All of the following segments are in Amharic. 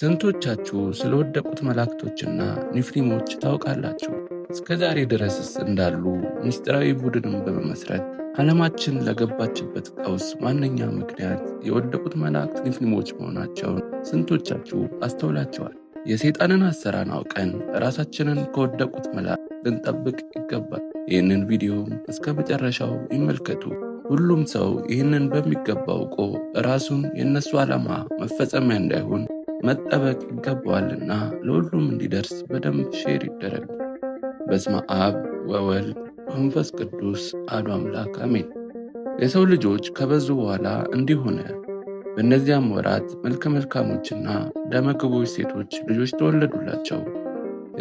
ስንቶቻችሁ ስለወደቁት መላእክቶችና ኒፍሊሞች ታውቃላችሁ? እስከ ዛሬ ድረስስ እንዳሉ ምስጢራዊ ቡድንም በመመስረት ዓለማችን ለገባችበት ቀውስ ዋነኛ ምክንያት የወደቁት መላእክት ኒፍሊሞች መሆናቸውን ስንቶቻችሁ አስተውላቸዋል? የሰይጣንን አሰራን አውቀን ራሳችንን ከወደቁት መላእክት ልንጠብቅ ይገባል። ይህንን ቪዲዮም እስከ መጨረሻው ይመልከቱ። ሁሉም ሰው ይህንን በሚገባ አውቆ ራሱን የእነሱ ዓላማ መፈጸሚያ እንዳይሆን መጠበቅ ይገባዋልና ለሁሉም እንዲደርስ በደንብ ሼር ይደረግ። በስመ አብ ወወልድ መንፈስ ቅዱስ አሐዱ አምላክ አሜን። የሰው ልጆች ከበዙ በኋላ እንዲህ ሆነ። በእነዚያም ወራት መልከ መልካሞችና ደመግቦች ሴቶች ልጆች ተወለዱላቸው።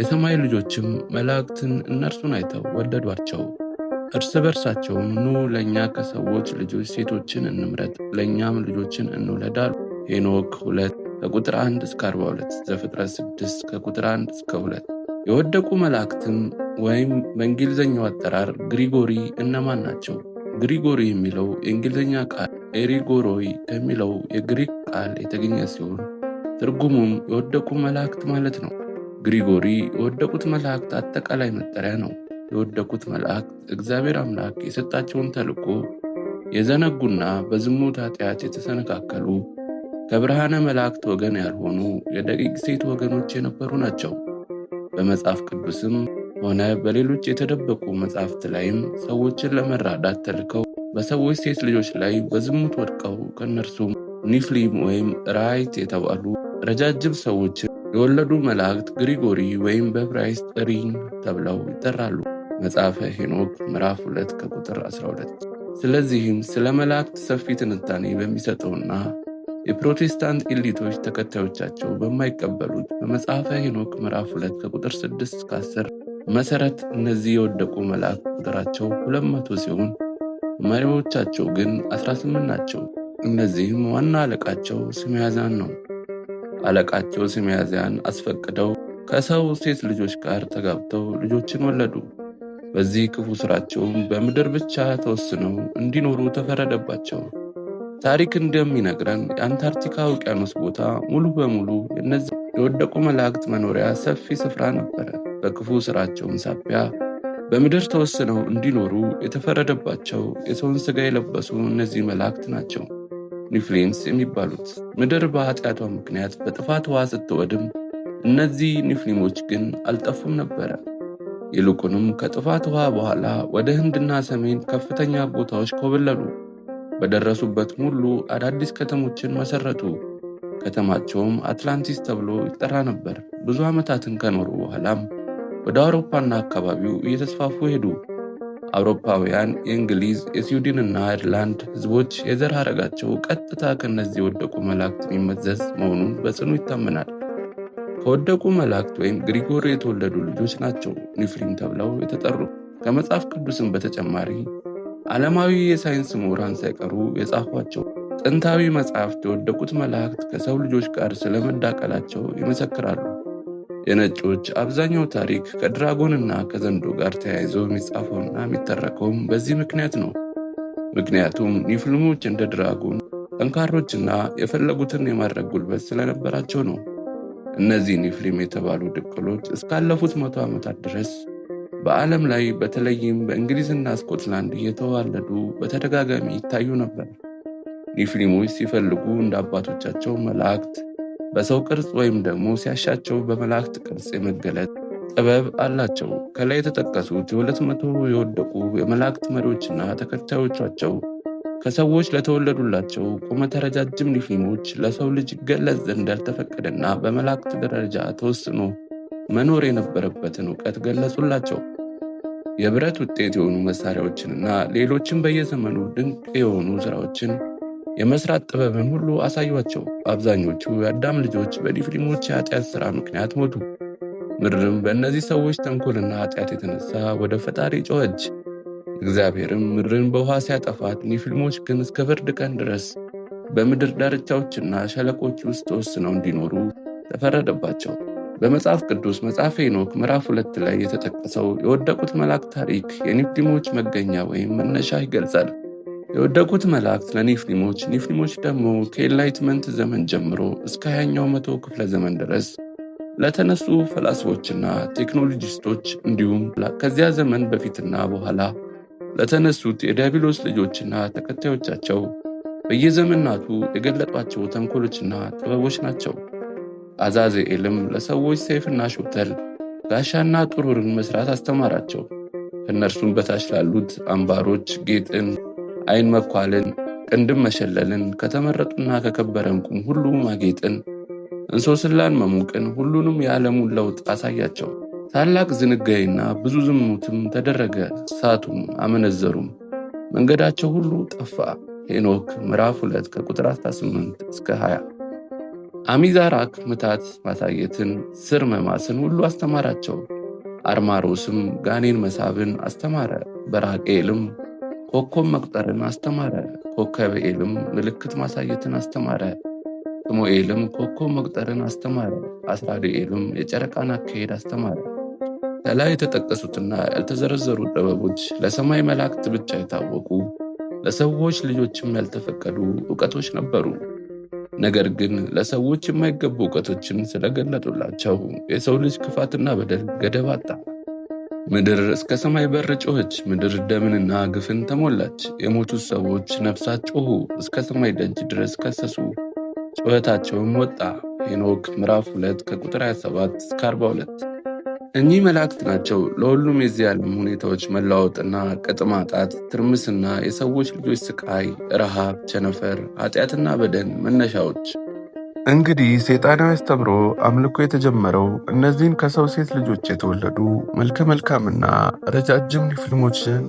የሰማይ ልጆችም መላእክትን እነርሱን አይተው ወለዷቸው። እርስ በርሳቸውም ኑ ለእኛ ከሰዎች ልጆች ሴቶችን እንምረጥ፣ ለእኛም ልጆችን እንውለዳሉ። ሄኖክ ሁለት ከቁጥር 1 እስከ 42 ዘፍጥረት 6 ከቁጥር 1 እስከ 2 የወደቁ መላእክትም ወይም በእንግሊዝኛው አጠራር ግሪጎሪ እነማን ናቸው? ግሪጎሪ የሚለው የእንግሊዝኛ ቃል ኤሪጎሮይ ከሚለው የግሪክ ቃል የተገኘ ሲሆን ትርጉሙም የወደቁ መላእክት ማለት ነው። ግሪጎሪ የወደቁት መላእክት አጠቃላይ መጠሪያ ነው። የወደቁት መላእክት እግዚአብሔር አምላክ የሰጣቸውን ተልዕኮ የዘነጉና በዝሙት ኃጢአት የተሰነካከሉ ከብርሃነ መላእክት ወገን ያልሆኑ የደቂቅ ሴት ወገኖች የነበሩ ናቸው። በመጽሐፍ ቅዱስም ሆነ በሌሎች የተደበቁ መጽሐፍት ላይም ሰዎችን ለመራዳት ተልከው በሰዎች ሴት ልጆች ላይ በዝሙት ወድቀው ከእነርሱም ኒፍሊም ወይም ራይት የተባሉ ረጃጅም ሰዎችን የወለዱ መላእክት ግሪጎሪ ወይም በዕብራይስጥ ጥሪን ተብለው ይጠራሉ። መጽሐፈ ሄኖክ ምዕራፍ 2 ከቁጥር 12። ስለዚህም ስለ መላእክት ሰፊ ትንታኔ በሚሰጠውና የፕሮቴስታንት ኤሊቶች ተከታዮቻቸው በማይቀበሉት በመጽሐፈ ሄኖክ ምዕራፍ 2 ከቁጥር 6 እስከ 10 መሰረት እነዚህ የወደቁ መልአክ ቁጥራቸው 200 ሲሆን መሪዎቻቸው ግን 18 ናቸው። እነዚህም ዋና አለቃቸው ስምያዝያን ነው። አለቃቸው ስምያዝያን አስፈቅደው ከሰው ሴት ልጆች ጋር ተጋብተው ልጆችን ወለዱ። በዚህ ክፉ ስራቸውም በምድር ብቻ ተወስነው እንዲኖሩ ተፈረደባቸው። ታሪክ እንደሚነግረን የአንታርክቲካ ውቅያኖስ ቦታ ሙሉ በሙሉ የእነዚህ የወደቁ መላእክት መኖሪያ ሰፊ ስፍራ ነበረ። በክፉ ስራቸውን ሳቢያ በምድር ተወስነው እንዲኖሩ የተፈረደባቸው የሰውን ስጋ የለበሱ እነዚህ መላእክት ናቸው ኒፍሌምስ የሚባሉት። ምድር በኃጢአቷ ምክንያት በጥፋት ውሃ ስትወድም፣ እነዚህ ኒፍሊሞች ግን አልጠፉም ነበረ። ይልቁንም ከጥፋት ውሃ በኋላ ወደ ህንድና ሰሜን ከፍተኛ ቦታዎች ኮበለሉ። በደረሱበት ሁሉ አዳዲስ ከተሞችን መሰረቱ። ከተማቸውም አትላንቲስ ተብሎ ይጠራ ነበር። ብዙ ዓመታትን ከኖሩ በኋላም ወደ አውሮፓና አካባቢው እየተስፋፉ ሄዱ። አውሮፓውያን የእንግሊዝ የስዊድንና አይርላንድ ሕዝቦች የዘር ሐረጋቸው ቀጥታ ከእነዚህ የወደቁ መላእክት የሚመዘዝ መሆኑን በጽኑ ይታመናል። ከወደቁ መላእክት ወይም ግሪጎር የተወለዱ ልጆች ናቸው ኒፍሊም ተብለው የተጠሩ። ከመጽሐፍ ቅዱስም በተጨማሪ ዓለማዊ የሳይንስ ምሁራን ሳይቀሩ የጻፏቸው ጥንታዊ መጽሐፍት የወደቁት መላእክት ከሰው ልጆች ጋር ስለመዳቀላቸው ይመሰክራሉ። የነጮች አብዛኛው ታሪክ ከድራጎንና ከዘንዶ ጋር ተያይዞ የሚጻፈውና የሚተረከውም በዚህ ምክንያት ነው። ምክንያቱም ኒፍልሞች እንደ ድራጎን ጠንካሮችና የፈለጉትን የማድረግ ጉልበት ስለነበራቸው ነው። እነዚህ ኒፍሊም የተባሉ ድቅሎች እስካለፉት መቶ ዓመታት ድረስ በዓለም ላይ በተለይም በእንግሊዝና ስኮትላንድ እየተዋለዱ በተደጋጋሚ ይታዩ ነበር። ኒፍሊሞች ሲፈልጉ እንደ አባቶቻቸው መላእክት በሰው ቅርጽ ወይም ደግሞ ሲያሻቸው በመላእክት ቅርጽ የመገለጥ ጥበብ አላቸው። ከላይ የተጠቀሱት የሁለት መቶ የወደቁ የመላእክት መሪዎችና ተከታዮቻቸው ከሰዎች ለተወለዱላቸው ቁመተ ረጃጅም ኒፍሊሞች ለሰው ልጅ ይገለጽ ዘንድ ያልተፈቀደና በመላእክት ደረጃ ተወስኖ መኖር የነበረበትን እውቀት ገለጹላቸው። የብረት ውጤት የሆኑ መሳሪያዎችንና ሌሎችን በየዘመኑ ድንቅ የሆኑ ስራዎችን የመስራት ጥበብን ሁሉ አሳዩቸው። አብዛኞቹ የአዳም ልጆች በዲፍሪሞች የኃጢአት ሥራ ምክንያት ሞቱ። ምድርም በእነዚህ ሰዎች ተንኮልና ኃጢአት የተነሳ ወደ ፈጣሪ ጮኸች። እግዚአብሔርም ምድርን በውኃ ሲያጠፋት፣ ኒፍሊሞች ግን እስከ ፍርድ ቀን ድረስ በምድር ዳርቻዎችና ሸለቆች ውስጥ ተወስነው እንዲኖሩ ተፈረደባቸው። በመጽሐፍ ቅዱስ መጽሐፈ ሄኖክ ምዕራፍ ሁለት ላይ የተጠቀሰው የወደቁት መላእክት ታሪክ የኒፍሊሞች መገኛ ወይም መነሻ ይገልጻል። የወደቁት መላእክት ለኒፍሊሞች፣ ኒፍሊሞች ደግሞ ከኤንላይትመንት ዘመን ጀምሮ እስከ 2ኛው መቶ ክፍለ ዘመን ድረስ ለተነሱ ፈላስፎችና ቴክኖሎጂስቶች እንዲሁም ከዚያ ዘመን በፊትና በኋላ ለተነሱት የዲያብሎስ ልጆችና ተከታዮቻቸው በየዘመናቱ የገለጧቸው ተንኮሎችና ጥበቦች ናቸው። አዛዜኤልም ለሰዎች ሰይፍና ሾተል ጋሻና ጥሩርን መስራት አስተማራቸው። እነርሱም በታች ላሉት አምባሮች ጌጥን፣ አይን መኳልን፣ ቅንድም መሸለልን፣ ከተመረጡና ከከበረ ዕንቁም ሁሉ ማጌጥን፣ እንሶስላን መሙቅን፣ ሁሉንም የዓለሙን ለውጥ አሳያቸው። ታላቅ ዝንጋይና ብዙ ዝሙትም ተደረገ። ሳቱም አመነዘሩም፣ መንገዳቸው ሁሉ ጠፋ። ሄኖክ ምዕራፍ 2 ከቁጥር 18 እስከ 20 አሚዛራክ ምታት ማሳየትን፣ ስር መማስን ሁሉ አስተማራቸው። አርማሮስም ጋኔን መሳብን አስተማረ። በራቅኤልም ኮከብ መቁጠርን አስተማረ። ኮከብኤልም ምልክት ማሳየትን አስተማረ። ስሙኤልም ኮከብ መቁጠርን አስተማረ። አስራድኤልም የጨረቃን አካሄድ አስተማረ። ከላይ የተጠቀሱትና ያልተዘረዘሩ ጥበቦች ለሰማይ መላእክት ብቻ የታወቁ ለሰዎች ልጆችም ያልተፈቀዱ እውቀቶች ነበሩ። ነገር ግን ለሰዎች የማይገቡ እውቀቶችን ስለገለጡላቸው የሰው ልጅ ክፋትና በደል ገደብ አጣ። ምድር እስከ ሰማይ በር ጮኸች። ምድር ደምንና ግፍን ተሞላች። የሞቱት ሰዎች ነፍሳት ጮኹ፣ እስከ ሰማይ ደጅ ድረስ ከሰሱ፣ ጩኸታቸውም ወጣ። ሄኖክ ምዕራፍ 2 ከቁጥር 27 እስከ 42 እኚህ መላእክት ናቸው ለሁሉም የዚህ ዓለም ሁኔታዎች መላወጥና ቅጥማጣት፣ ትርምስና የሰዎች ልጆች ስቃይ፣ ረሃብ፣ ቸነፈር፣ ኃጢአትና በደን መነሻዎች። እንግዲህ ሴጣናዊ አስተምሮ አምልኮ የተጀመረው እነዚህን ከሰው ሴት ልጆች የተወለዱ መልከ መልካምና ረጃጅም ኒፍሊሞችን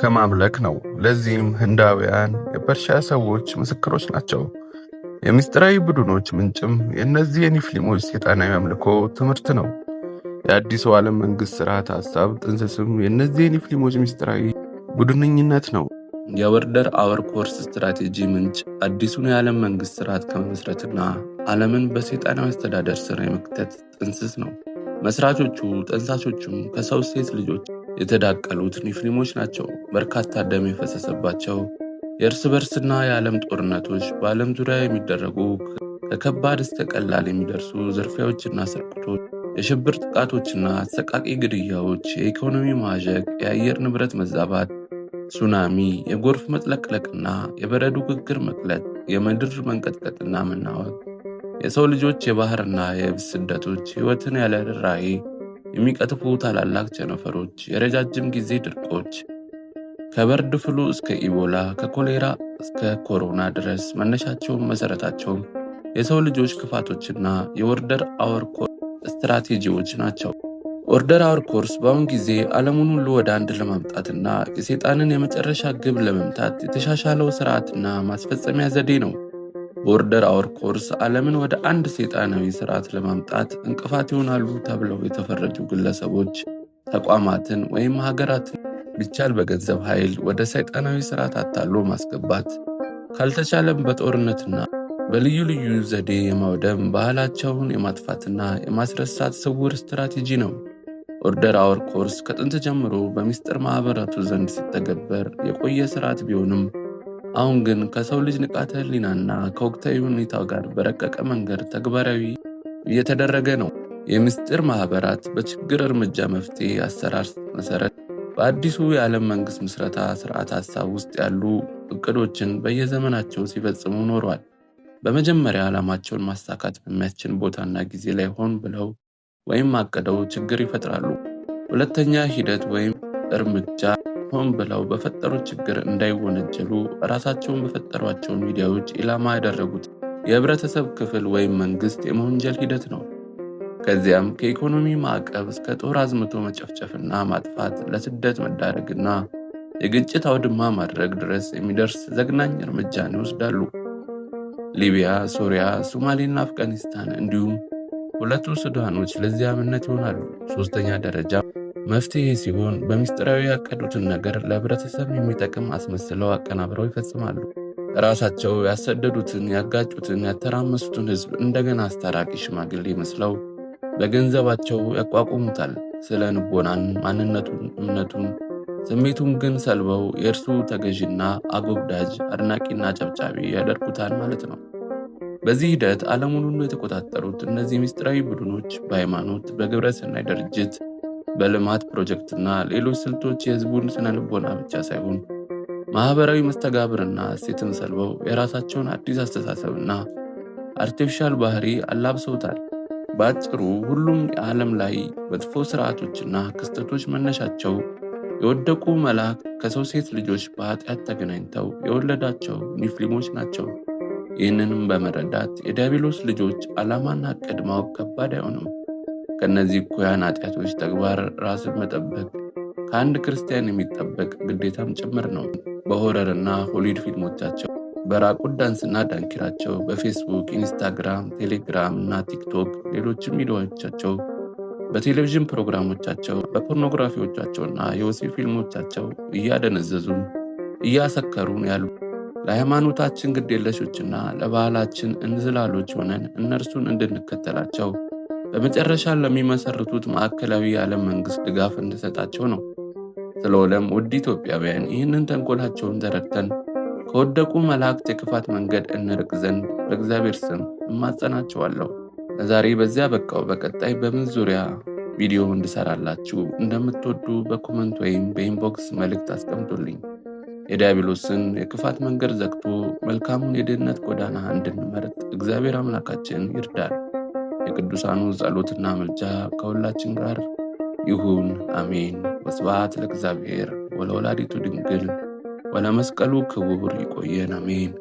ከማምለክ ነው። ለዚህም ህንዳውያን የፐርሻ ሰዎች ምስክሮች ናቸው። የምስጢራዊ ቡድኖች ምንጭም የእነዚህ የኒፍሊሞች ሴጣናዊ አምልኮ ትምህርት ነው። የአዲሱ ዓለም መንግሥት ስርዓት ሐሳብ ጥንስስም የእነዚህ ኒፍሊሞች ምስጢራዊ ቡድንኝነት ነው። የወርደር አወር ኮርስ ስትራቴጂ ምንጭ አዲሱን የዓለም መንግሥት ስርዓት ከመመስረትና ዓለምን በሰይጣናዊ አስተዳደር ስር የመክተት ጥንስስ ነው። መስራቾቹ ጠንሳሾቹም ከሰው ሴት ልጆች የተዳቀሉት ኒፍሊሞች ናቸው። በርካታ ደም የፈሰሰባቸው የእርስ በርስና የዓለም ጦርነቶች፣ በዓለም ዙሪያ የሚደረጉ ከከባድ እስከ ቀላል የሚደርሱ ዝርፊያዎችና ስርቆቶች የሽብር ጥቃቶችና አሰቃቂ ግድያዎች፣ የኢኮኖሚ ማዕዠቅ፣ የአየር ንብረት መዛባት፣ ሱናሚ፣ የጎርፍ መጥለቅለቅና የበረዶ ግግር መቅለጥ፣ የምድር መንቀጥቀጥና መናወጥ፣ የሰው ልጆች የባህርና የብስ ስደቶች፣ ሕይወትን ያለ ርኅራኄ የሚቀጥፉ ታላላቅ ቸነፈሮች፣ የረጃጅም ጊዜ ድርቆች ከበርድ ፍሉ እስከ ኢቦላ ከኮሌራ እስከ ኮሮና ድረስ መነሻቸውን መሠረታቸውም የሰው ልጆች ክፋቶችና የወርደር አወር ስትራቴጂዎች ናቸው። ኦርደር አወር ኮርስ በአሁን ጊዜ ዓለሙን ሁሉ ወደ አንድ ለማምጣትና የሰይጣንን የመጨረሻ ግብ ለመምታት የተሻሻለው ስርዓትና ማስፈጸሚያ ዘዴ ነው። በኦርደር አወር ኮርስ ዓለምን ወደ አንድ ሰይጣናዊ ስርዓት ለማምጣት እንቅፋት ይሆናሉ ተብለው የተፈረጁ ግለሰቦች፣ ተቋማትን ወይም ሀገራትን ቢቻል በገንዘብ ኃይል ወደ ሰይጣናዊ ስርዓት አታሎ ማስገባት ካልተቻለም በጦርነትና በልዩ ልዩ ዘዴ የማውደም ባህላቸውን የማጥፋትና የማስረሳት ስውር ስትራቴጂ ነው። ኦርደር አወር ኮርስ ከጥንት ጀምሮ በሚስጥር ማኅበራቱ ዘንድ ሲተገበር የቆየ ስርዓት ቢሆንም አሁን ግን ከሰው ልጅ ንቃተ ህሊናና ከወቅታዊ ሁኔታ ጋር በረቀቀ መንገድ ተግባራዊ እየተደረገ ነው። የምስጢር ማኅበራት በችግር እርምጃ መፍትሄ አሰራር መሠረት በአዲሱ የዓለም መንግሥት ምስረታ ስርዓት ሐሳብ ውስጥ ያሉ እቅዶችን በየዘመናቸው ሲፈጽሙ ኖሯል። በመጀመሪያ ዓላማቸውን ማሳካት በሚያስችል ቦታና ጊዜ ላይ ሆን ብለው ወይም አቅደው ችግር ይፈጥራሉ። ሁለተኛ ሂደት ወይም እርምጃ ሆን ብለው በፈጠሩት ችግር እንዳይወነጀሉ ራሳቸውን በፈጠሯቸው ሚዲያዎች ኢላማ ያደረጉት የህብረተሰብ ክፍል ወይም መንግስት የመወንጀል ሂደት ነው። ከዚያም ከኢኮኖሚ ማዕቀብ እስከ ጦር አዝምቶ መጨፍጨፍና ማጥፋት፣ ለስደት መዳረግና የግጭት አውድማ ማድረግ ድረስ የሚደርስ ዘግናኝ እርምጃን ይወስዳሉ። ሊቢያ፣ ሶሪያ፣ ሶማሌና አፍጋኒስታን እንዲሁም ሁለቱ ሱዳኖች ለዚህ አብነት ይሆናሉ። ሶስተኛ ደረጃ መፍትሄ ሲሆን በሚስጢራዊ ያቀዱትን ነገር ለህብረተሰብ የሚጠቅም አስመስለው አቀናብረው ይፈጽማሉ። ራሳቸው ያሰደዱትን፣ ያጋጩትን፣ ያተራመሱትን ህዝብ እንደገና አስታራቂ ሽማግሌ መስለው በገንዘባቸው ያቋቁሙታል። ስለ ንቦናን፣ ማንነቱን፣ እምነቱን ስሜቱም ግን ሰልበው የእርሱ ተገዢና አጎብዳጅ አድናቂና ጨብጫቢ ያደርጉታል ማለት ነው። በዚህ ሂደት ዓለሙን ሁሉ የተቆጣጠሩት እነዚህ ምስጢራዊ ቡድኖች በሃይማኖት፣ በግብረ ሰናይ ድርጅት፣ በልማት ፕሮጀክትና ሌሎች ስልቶች የህዝቡን ስነ ልቦና ብቻ ሳይሆን ማህበራዊ መስተጋብርና እሴትን ሰልበው የራሳቸውን አዲስ አስተሳሰብና አርቲፊሻል ባህሪ አላብሰውታል። በአጭሩ ሁሉም የዓለም ላይ መጥፎ ስርዓቶችና ክስተቶች መነሻቸው የወደቁ መልአክ ከሰው ሴት ልጆች በኃጢአት ተገናኝተው የወለዳቸው ኒፍሊሞች ናቸው። ይህንንም በመረዳት የዲያብሎስ ልጆች ዓላማና ዕቅድ ማወቅ ከባድ አይሆንም። ከእነዚህ እኩያን ኃጢአቶች ተግባር ራስን መጠበቅ ከአንድ ክርስቲያን የሚጠበቅ ግዴታም ጭምር ነው። በሆረርና ሆሊድ ፊልሞቻቸው በራቁት ዳንስና ዳንኪራቸው በፌስቡክ፣ ኢንስታግራም፣ ቴሌግራም እና ቲክቶክ ሌሎችም ሚዲያዎቻቸው በቴሌቪዥን ፕሮግራሞቻቸው በፖርኖግራፊዎቻቸውና የወሲብ ፊልሞቻቸው እያደነዘዙን እያሰከሩን ያሉ ለሃይማኖታችን ግዴለሾችና ለባህላችን እንዝላሎች ሆነን እነርሱን እንድንከተላቸው በመጨረሻ ለሚመሰርቱት ማዕከላዊ የዓለም መንግሥት ድጋፍ እንድሰጣቸው ነው። ስለሆነም ውድ ኢትዮጵያውያን ይህንን ተንኮላቸውን ተረድተን ከወደቁ መላእክት የክፋት መንገድ እንርቅ ዘንድ በእግዚአብሔር ስም እማጸናቸዋለሁ። ለዛሬ በዚያ በቃው። በቀጣይ በምን ዙሪያ ቪዲዮ እንድሰራላችሁ እንደምትወዱ በኮመንት ወይም በኢንቦክስ መልእክት አስቀምጡልኝ። የዲያብሎስን የክፋት መንገድ ዘግቶ መልካሙን የድህነት ጎዳና እንድንመርጥ እግዚአብሔር አምላካችን ይርዳል። የቅዱሳኑ ጸሎትና ምልጃ ከሁላችን ጋር ይሁን፣ አሜን። ወስብሐት ለእግዚአብሔር ወለወላዲቱ ድንግል ወለመስቀሉ ክቡር። ይቆየን፣ አሜን።